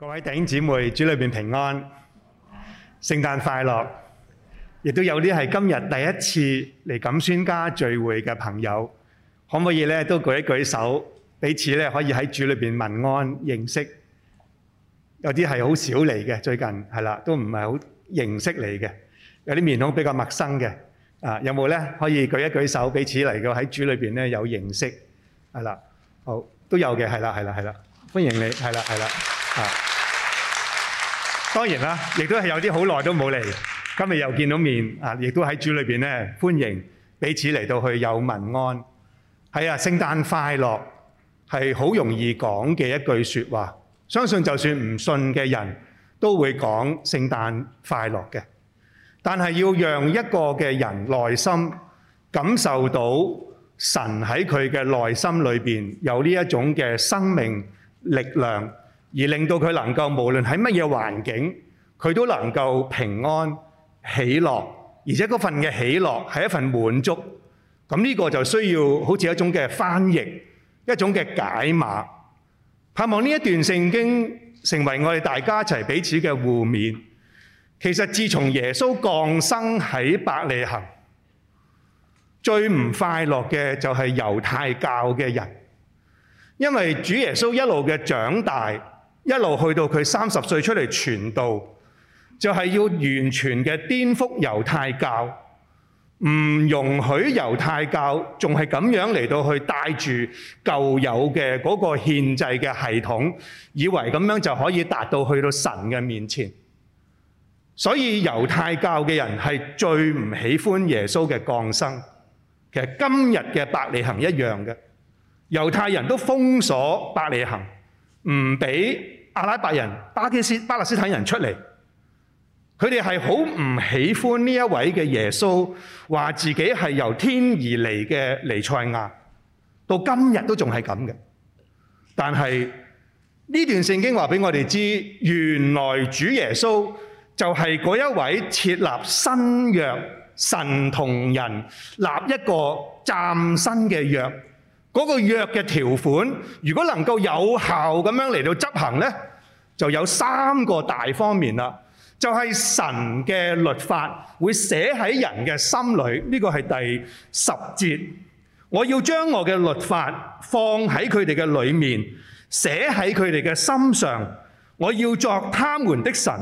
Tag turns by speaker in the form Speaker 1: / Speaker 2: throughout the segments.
Speaker 1: 各位弟兄姊妹，主裏邊平安，聖誕快樂！亦都有啲係今日第一次嚟錦宣家聚會嘅朋友，可唔可以咧都舉一舉手，彼此咧可以喺主裏邊問安認識？有啲係好少嚟嘅，最近係啦，都唔係好認識嚟嘅，有啲面孔比較陌生嘅。啊，有冇咧可以舉一舉手，彼此嚟到喺主裏邊咧有認識？係啦，好都有嘅，係啦，係啦，係啦，歡迎你，係啦，係啦，啊。當然啦，亦都係有啲好耐都冇嚟，今日又見到面啊！亦都喺主裏邊咧，歡迎彼此嚟到去有民安。係啊，聖誕快樂係好容易講嘅一句說話，相信就算唔信嘅人都會講聖誕快樂嘅。但係要讓一個嘅人內心感受到神喺佢嘅內心裏邊有呢一種嘅生命力量。而令到佢能夠無論喺乜嘢環境，佢都能夠平安喜樂，而且嗰份嘅喜樂係一份滿足。咁、這、呢個就需要好似一種嘅翻譯，一種嘅解碼。盼望呢一段聖經成為我哋大家一齊彼此嘅互勉。其實自從耶穌降生喺伯利恒，最唔快樂嘅就係猶太教嘅人，因為主耶穌一路嘅長大。一路去到佢三十歲出嚟傳道，就係要完全嘅顛覆猶太教，唔容許猶太教仲係咁樣嚟到去帶住舊有嘅嗰個獻祭嘅系統，以為咁樣就可以達到去到神嘅面前。所以猶太教嘅人係最唔喜歡耶穌嘅降生，其實今日嘅伯利恆一樣嘅，猶太人都封鎖伯利恆。唔俾阿拉伯人、巴基斯坦、巴勒斯坦人出嚟，佢哋係好唔喜歡呢一位嘅耶穌，話自己係由天而嚟嘅彌賽亞，到今日都仲係咁嘅。但係呢段聖經話俾我哋知，原來主耶穌就係嗰一位設立新約，神同人立一個嶄新嘅約。嗰個約嘅條款，如果能夠有效咁樣嚟到執行呢，就有三個大方面啦。就係神嘅律法會寫喺人嘅心裡，呢個係第十節。我要將我嘅律法放喺佢哋嘅裡面，寫喺佢哋嘅心上。我要作他們的神，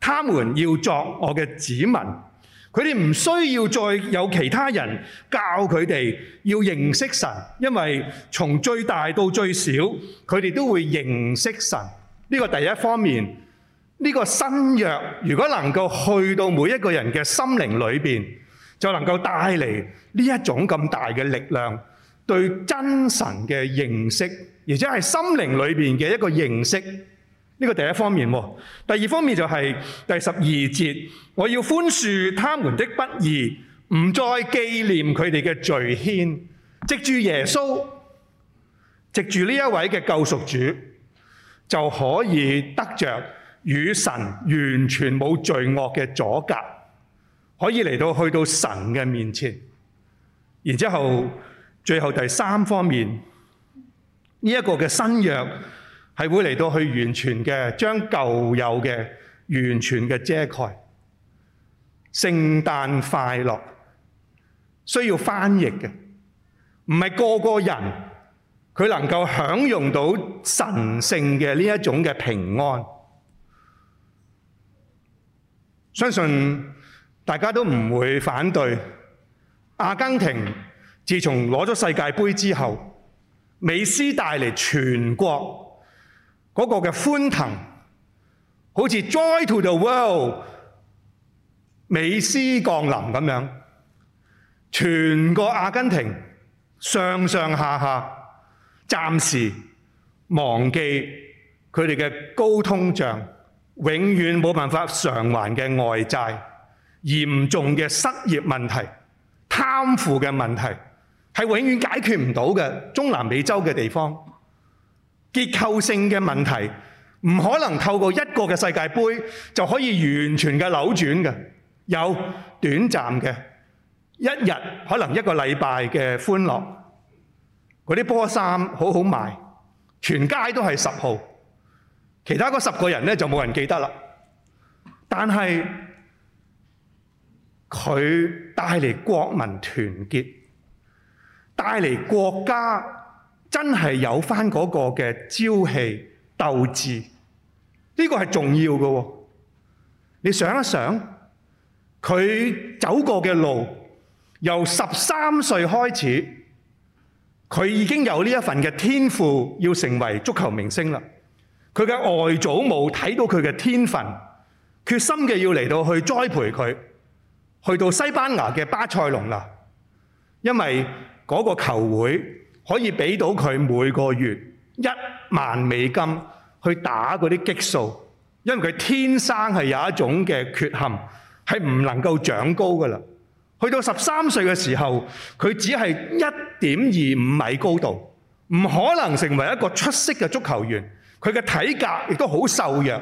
Speaker 1: 他們要作我嘅子民。佢哋唔需要再有其他人教佢哋要認識神，因為從最大到最小，佢哋都會認識神。呢個第一方面，呢個新約如果能夠去到每一個人嘅心靈裏面，就能夠帶嚟呢一種咁大嘅力量，對真神嘅認識，而且係心靈裏面嘅一個認識。呢、個第一方面喎，第二方面就係第十二節，我要寬恕他們的不義，唔再紀念佢哋嘅罪愆。藉住耶穌，藉住呢一位嘅救贖主，就可以得着與神完全冇罪惡嘅阻隔，可以嚟到去到神嘅面前。然之後，最後第三方面，呢、一個嘅新約。係會嚟到去完全嘅，將舊有嘅完全嘅遮蓋。聖誕快樂需要翻譯嘅，唔係個個人佢能夠享用到神聖嘅呢一種嘅平安。相信大家都唔會反對。阿根廷自從攞咗世界盃之後，美斯帶嚟全國。嗰個嘅歡騰，好似 Joy to the World，美斯降臨咁樣，全個阿根廷上上下下暫時忘記佢哋嘅高通脹，永遠冇辦法償還嘅外債，嚴重嘅失業問題、貪腐嘅問題，係永遠解決唔到嘅。中南美洲嘅地方。結構性嘅問題唔可能透過一個嘅世界盃就可以完全嘅扭轉嘅，有短暫嘅一日，可能一個禮拜嘅歡樂，嗰啲波衫好好賣，全街都係十號，其他嗰十個人咧就冇人記得啦。但係佢帶嚟國民團結，帶嚟國家。真係有返嗰個嘅朝氣鬥志，呢個係重要嘅。你想一想，佢走過嘅路，由十三歲開始，佢已經有呢一份嘅天賦，要成為足球明星啦。佢嘅外祖母睇到佢嘅天分，決心嘅要嚟到去栽培佢，去到西班牙嘅巴塞隆拿，因為嗰個球會。可以俾到佢每個月一萬美金去打嗰啲激素，因為佢天生係有一種嘅缺陷，係唔能夠長高㗎喇。去到十三歲嘅時候，佢只係一點二五米高度，唔可能成為一個出色嘅足球員。佢嘅體格亦都好瘦弱，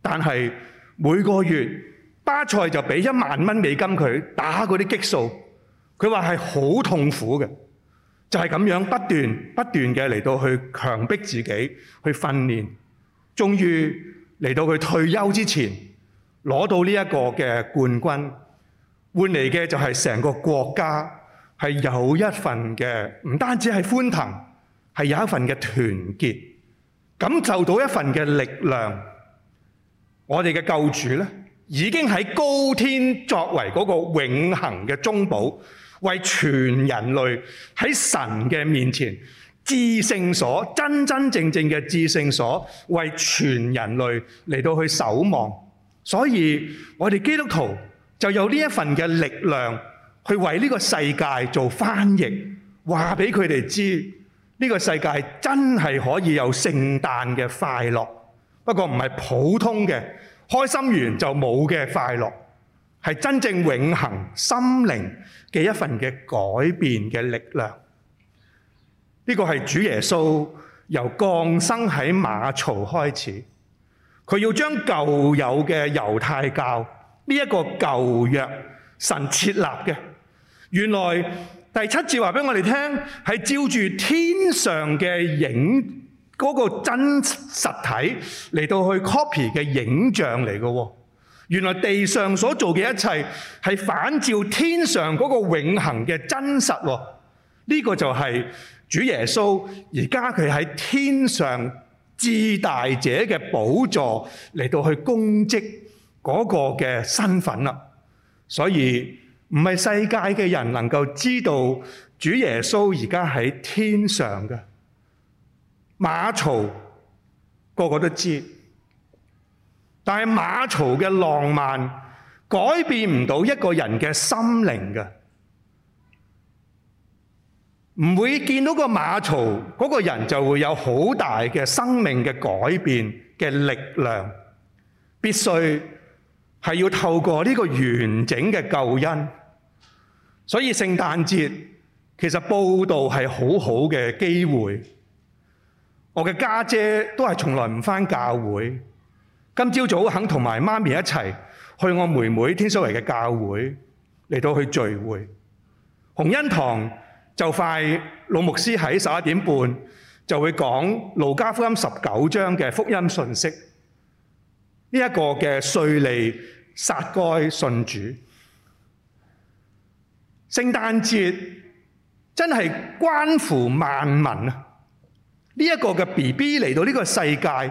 Speaker 1: 但係每個月巴塞就俾一萬蚊美金佢打嗰啲激素，佢話係好痛苦嘅。就係咁樣不斷不斷嘅嚟到去強迫自己去訓練，終於嚟到佢退休之前攞到呢一個嘅冠軍，換嚟嘅就係成個國家係有一份嘅，唔單止係歡騰，係有一份嘅團結，感受到一份嘅力量。我哋嘅救主咧，已經喺高天作為嗰個永恆嘅中保。為全人類喺神嘅面前，至聖所真真正正嘅至聖所，為全人類嚟到去守望。所以我哋基督徒就有呢一份嘅力量，去為呢個世界做翻譯，話俾佢哋知，呢個世界真係可以有聖誕嘅快樂，不過唔係普通嘅開心完就冇嘅快樂，係真正永恆心靈嘅一份嘅改變嘅力量，呢個係主耶穌由降生喺馬槽開始，佢要將舊有嘅猶太教呢一個舊約神設立嘅，原來第七節話俾我哋聽係照住天上嘅影嗰個真實體嚟到去 copy 嘅影像嚟嘅喎。原來地上所做嘅一切係反照天上嗰個永恒嘅真實喎，呢個就係主耶穌而家佢喺天上至大者嘅寶座嚟到去供職嗰個嘅身份啦，所以唔係世界嘅人能夠知道主耶穌而家喺天上嘅馬槽個個都知。但係馬槽嘅浪漫改變唔到一個人嘅心靈嘅，唔會見到個馬槽嗰個人就會有好大嘅生命嘅改變嘅力量。必須係要透過呢個完整嘅救恩。所以聖誕節其實布道係好好嘅機會。我嘅家姐都係從來唔返教會。今朝早肯同埋媽咪一齊去我妹妹天梭黎嘅教會嚟到去聚會，洪恩堂就快老牧師喺十一點半就會講路加福音十九章嘅福音信息，呢一個嘅稅吏撒該信主，聖誕節真係關乎萬民啊！呢一個嘅 BB 嚟到呢個世界。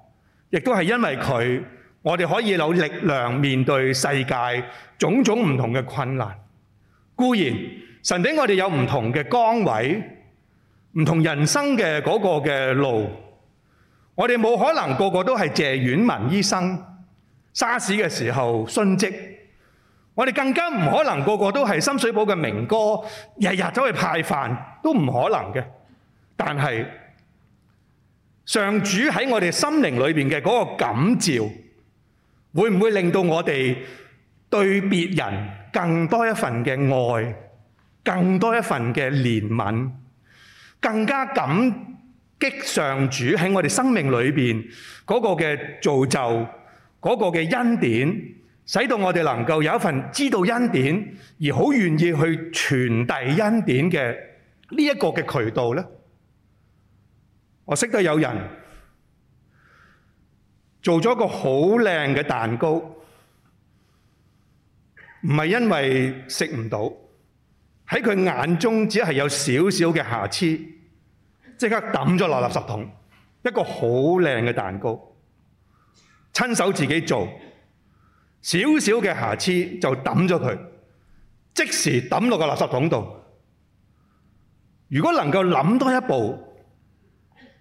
Speaker 1: 亦都係因為佢，我哋可以有力量面對世界種種唔同嘅困難。固然神俾我哋有唔同嘅崗位、唔同人生嘅嗰個嘅路，我哋冇可能個個都係謝婉雯醫生，沙士嘅時候殉職。我哋更加唔可能個個都係深水埗嘅明哥，日日走去派飯都唔可能嘅。但係，上主喺我哋心靈裏邊嘅嗰個感召，會唔會令到我哋對別人更多一份嘅愛，更多一份嘅憐憫，更加感激上主喺我哋生命裏邊嗰個嘅造就，嗰個嘅恩典，使到我哋能夠有一份知道恩典而好願意去傳遞恩典嘅呢一個嘅渠道咧？我識得有人做咗個好靚嘅蛋糕，唔係因為食唔到，喺佢眼中只係有少少嘅瑕疵，即刻抌咗落垃圾桶。一個好靚嘅蛋糕，親手自己做，少少嘅瑕疵就抌咗佢，即時抌落個垃圾桶度。如果能夠諗多一步。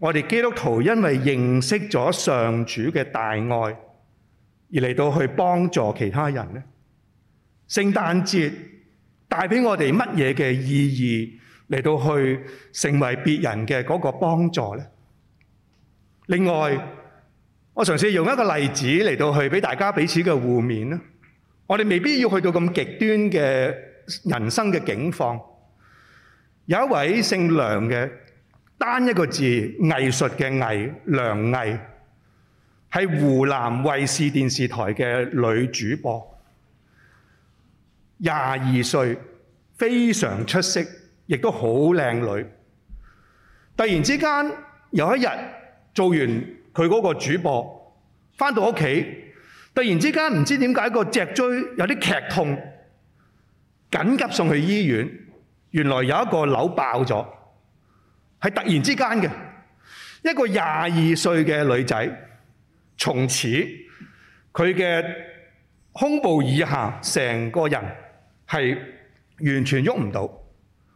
Speaker 1: 我哋基督徒因為認識咗上主嘅大愛，而嚟到去幫助其他人咧。聖誕節帶俾我哋乜嘢嘅意義嚟到去成為別人嘅嗰個幫助咧？另外，我嘗試用一個例子嚟到去俾大家彼此嘅互勉啦。我哋未必要去到咁極端嘅人生嘅境況。有一位姓梁嘅。單一個字，藝術嘅藝，梁藝，係湖南衛視電視台嘅女主播，廿二歲，非常出色，亦都好靚女。突然之間有一日做完佢嗰個主播，返到屋企，突然之間唔知點解個脊椎有啲劇痛，緊急送去醫院，原來有一個瘤爆咗。係突然之間嘅一個廿二歲嘅女仔，從此佢嘅胸部以下成個人係完全喐唔到，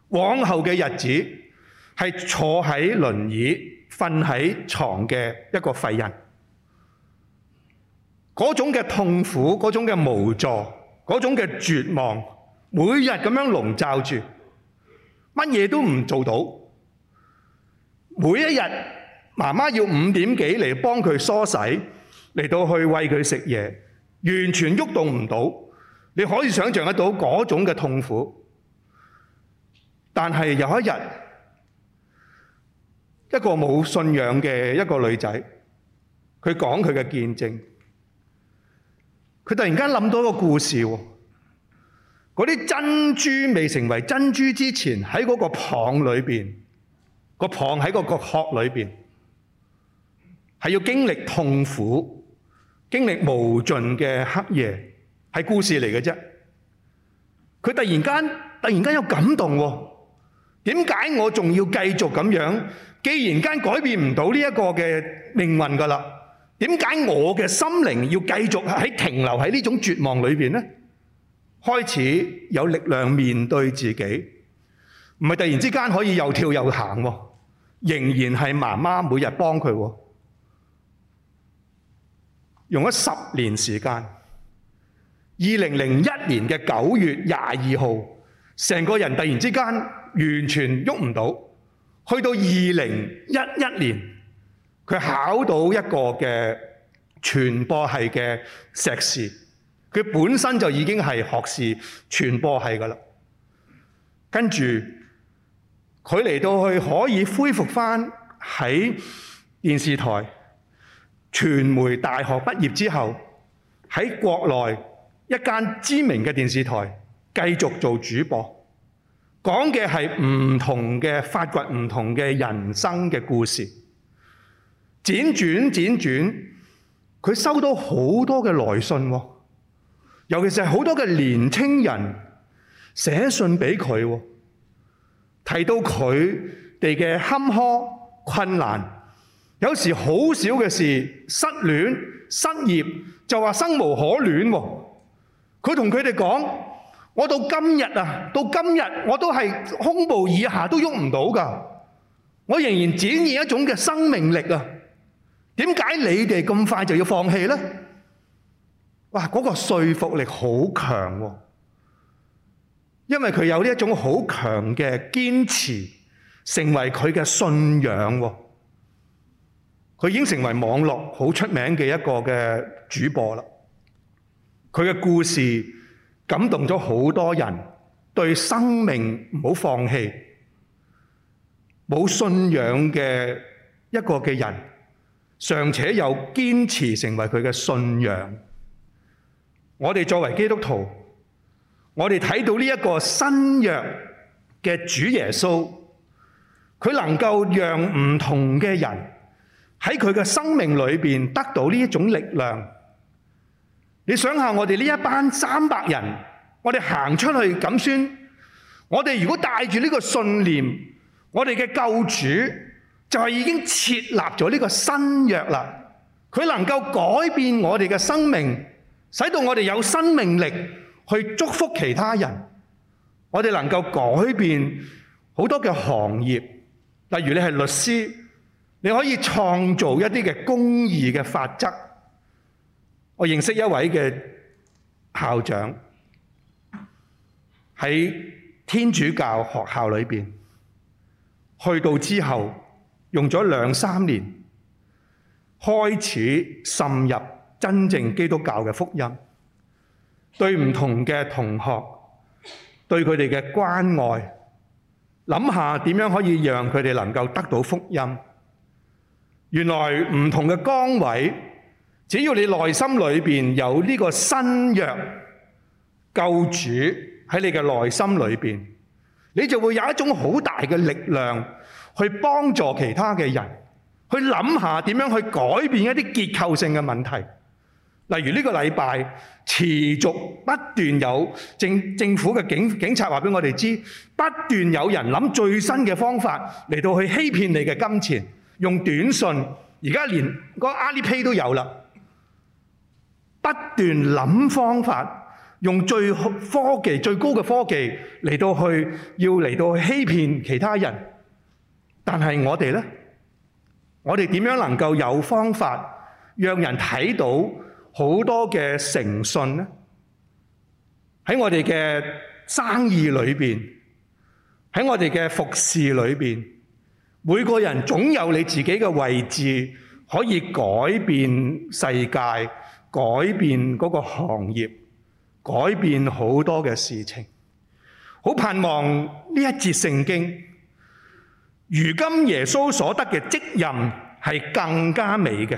Speaker 1: 往後嘅日子係坐喺輪椅、瞓喺床嘅一個廢人。嗰種嘅痛苦、嗰種嘅無助、嗰種嘅絕望，每日咁樣籠罩住，乜嘢都唔做到。每一日，媽媽要五點幾嚟幫佢梳洗，嚟到去餵佢食嘢，完全喐動唔到。你可以想象得到嗰種嘅痛苦。但係有一日，一個冇信仰嘅一個女仔，佢講佢嘅見證。佢突然間諗到一個故事喎，嗰啲珍珠未成為珍珠之前，喺嗰個蚌裏面。個蚌喺嗰個殼裏邊，係要經歷痛苦，經歷無盡嘅黑夜，係故事嚟嘅啫。佢突然間，突然間有感動喎。點解我仲要繼續咁樣？既然間改變唔到呢一個嘅命運㗎喇，點解我嘅心靈要繼續喺停留喺呢種絕望裏邊呢？開始有力量面對自己。唔係突然之間可以又跳又行喎、啊，仍然係媽媽每日幫佢喎、啊，用咗十年時間。二零零一年嘅九月廿二號，成個人突然之間完全喐唔到。去到二零一一年，佢考到一個嘅傳播系嘅碩士，佢本身就已經係學士傳播系㗎喇，跟住。佢嚟到去可以恢復返喺電視台、傳媒大學畢業之後，喺國內一間知名嘅電視台繼續做主播，講嘅係唔同嘅發掘、唔同嘅人生嘅故事。輾轉輾轉，佢收到好多嘅來信，喎，尤其是好多嘅年輕人寫信俾佢。喎。提到佢哋嘅坎坷困難，有時好少嘅事，失戀失業就話生無可戀喎。佢同佢哋講：我到今日啊，到今日我都係胸部以下都喐唔到㗎。我仍然展現一種嘅生命力啊。點解你哋咁快就要放棄呢？哇！嗰個說服力好強喎。因為佢有呢一種好強嘅堅持，成為佢嘅信仰。佢已經成為網絡好出名嘅一個嘅主播啦。佢嘅故事感動咗好多人，對生命唔好放棄，冇信仰嘅一個嘅人，尚且又堅持成為佢嘅信仰。我哋作為基督徒。我哋睇到呢一個新約嘅主耶穌，佢能夠讓唔同嘅人喺佢嘅生命裏邊得到呢一種力量。你想下我哋呢一班三百人，我哋行出去咁算。我哋如果帶住呢個信念，我哋嘅救主就已經設立咗呢個新約啦。佢能夠改變我哋嘅生命，使到我哋有生命力，去祝福其他人，我哋能夠改變好多嘅行業。例如你係律師，你可以創造一啲嘅公義嘅法則。我認識一位嘅校長喺天主教學校裏面去到之後，用咗兩三年開始滲入真正基督教嘅福音。對不同的同學，對他們的關愛，想想怎麼樣可以讓他們能夠得到福音。原來，不同的崗位，只要你內心裏面有這個新約，救主在你的內心裏面，你就會有一種很大的力量去幫助其他的人，去想想怎麼樣去改變一些結構性的問題。例如呢個禮拜持續不斷有政政府嘅警警察話俾我哋知，不斷有人諗最新嘅方法嚟到去欺騙你嘅金錢，用短信，而家連嗰個阿里 pay 都有啦。不斷諗方法，用最科技最高嘅科技嚟到去要嚟到去欺騙其他人，但係我哋呢，我哋點樣能夠有方法讓人睇到？好多嘅誠信咧，喺我哋嘅生意裏面，喺我哋嘅服侍裏面，每個人總有你自己嘅位置，可以改變世界，改變嗰個行業，改變好多嘅事情。好盼望呢一節聖經，如今耶穌所得嘅職任係更加美嘅。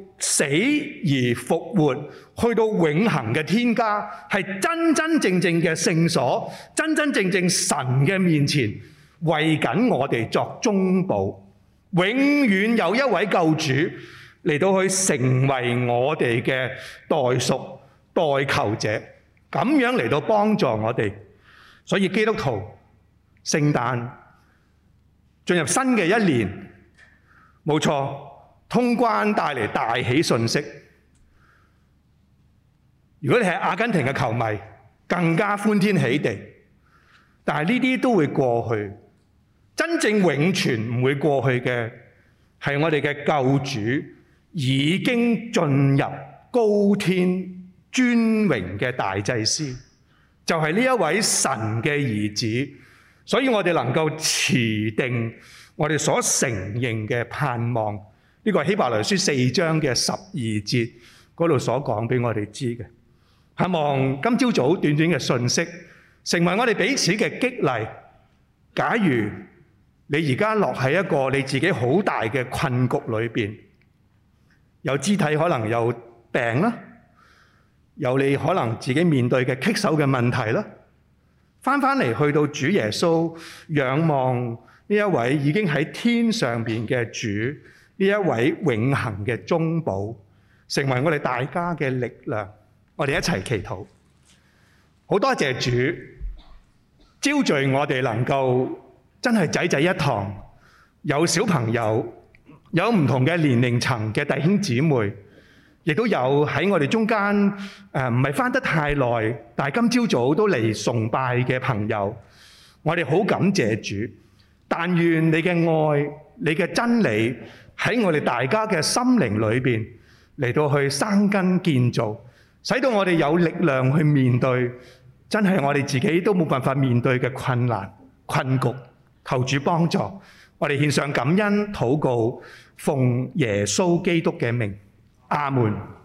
Speaker 1: 死而復活，去到永恆嘅天家，係真真正正嘅聖所，真真正正神嘅面前，為緊我哋作中保，永遠有一位救主嚟到去成為我哋嘅代贖、代求者，咁樣嚟到幫助我哋。所以基督徒，聖誕進入新嘅一年，冇錯。通關帶嚟大喜訊息。如果你係阿根廷嘅球迷，更加歡天喜地。但係呢啲都會過去，真正永存唔會過去嘅係我哋嘅救主已經進入高天尊榮嘅大祭司，就係、是、呢一位神嘅兒子。所以我哋能夠持定我哋所承認嘅盼望。呢個《希伯來書》四章嘅十二節嗰度所講，給我哋知嘅。希望今朝早早短短嘅信息，成為我哋彼此嘅激勵。假如你而家落喺一個你自己好大嘅困局裏面，有肢體可能有病啦，有你可能自己面對嘅棘手嘅問題啦，翻返嚟去到主耶穌仰望呢一位已經喺天上邊嘅主。呢一位永恆嘅中保，成為我哋大家嘅力量，我哋一齊祈禱。好多謝主招聚我哋，能夠真係濟濟一堂，有小朋友，有唔同嘅年齡層嘅弟兄姊妹，亦都有喺我哋中間誒，唔係返得太耐，但係今朝早都嚟崇拜嘅朋友，我哋好感謝主。但願你嘅愛，你嘅真理。喺我哋大家嘅心靈裏面嚟到去生根建造，使到我哋有力量去面對真係我哋自己都冇辦法面對嘅困難困局，求主幫助，我哋獻上感恩禱告，奉耶穌基督嘅名，阿門。